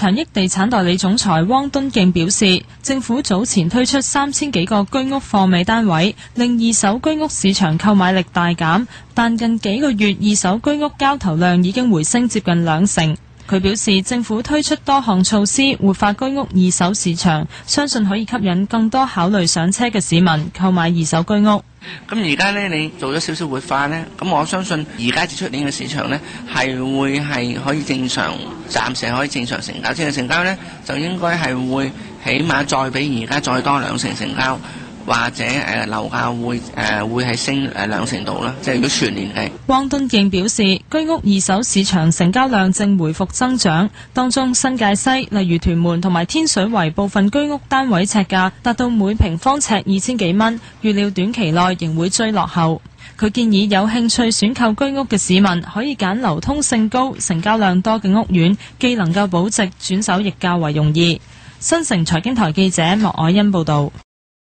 長益地產代理總裁汪敦敬表示，政府早前推出三千幾個居屋貨尾單位，令二手居屋市場購買力大減，但近幾個月二手居屋交投量已經回升接近兩成。佢表示政府推出多項措施活化居屋二手市場，相信可以吸引更多考慮上車嘅市民購買二手居屋。咁而家咧，你做咗少少活化咧，咁我相信而家至出年嘅市場咧，係會係可以正常，暫時可以正常成交，正常成交咧，就應該係會起碼再比而家再多兩成成交。或者誒樓下會誒、呃、會係升誒兩成度啦，即係如果全年係。汪敦敬表示，居屋二手市場成交量正回復增長，當中新界西，例如屯門同埋天水圍部分居屋單位尺價達到每平方尺二千幾蚊，預料短期內仍會追落後。佢建議有興趣選購居屋嘅市民可以揀流通性高、成交量多嘅屋苑，既能夠保值，轉手亦較為容易。新城財經台記者莫凱欣報導。